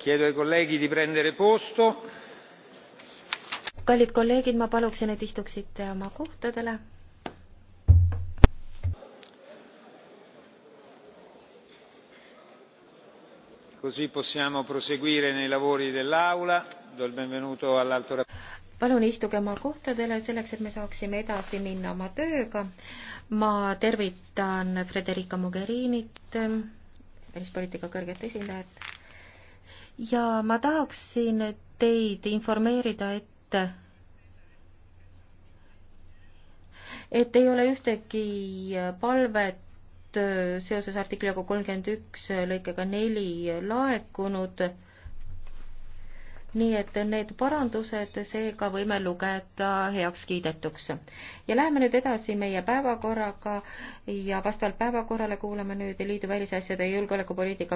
chiedo ai colleghi di prendere posto. kallid kolleegid, ma paluksin, et istuksite oma kohtadele. Così possiamo proseguire nei lavori dell'Aula. Do il benvenuto all'alto rappresentante palun istuge oma kohtadele selleks, et me saaksime edasi minna oma tööga. ma tervitan Frederica Mogherinit, välispoliitika kõrget esindajat ja ma tahaksin teid informeerida ette, et ei ole ühtegi palvet seoses artikliga kolmkümmend üks lõikega neli laekunud. nii et need parandused seega võime lugeda heaks kiidetuks. ja läheme nüüd edasi meie päevakorraga ja vastavalt päevakorrale kuulame nüüd liidu välisasjade ja julgeolekupoliitika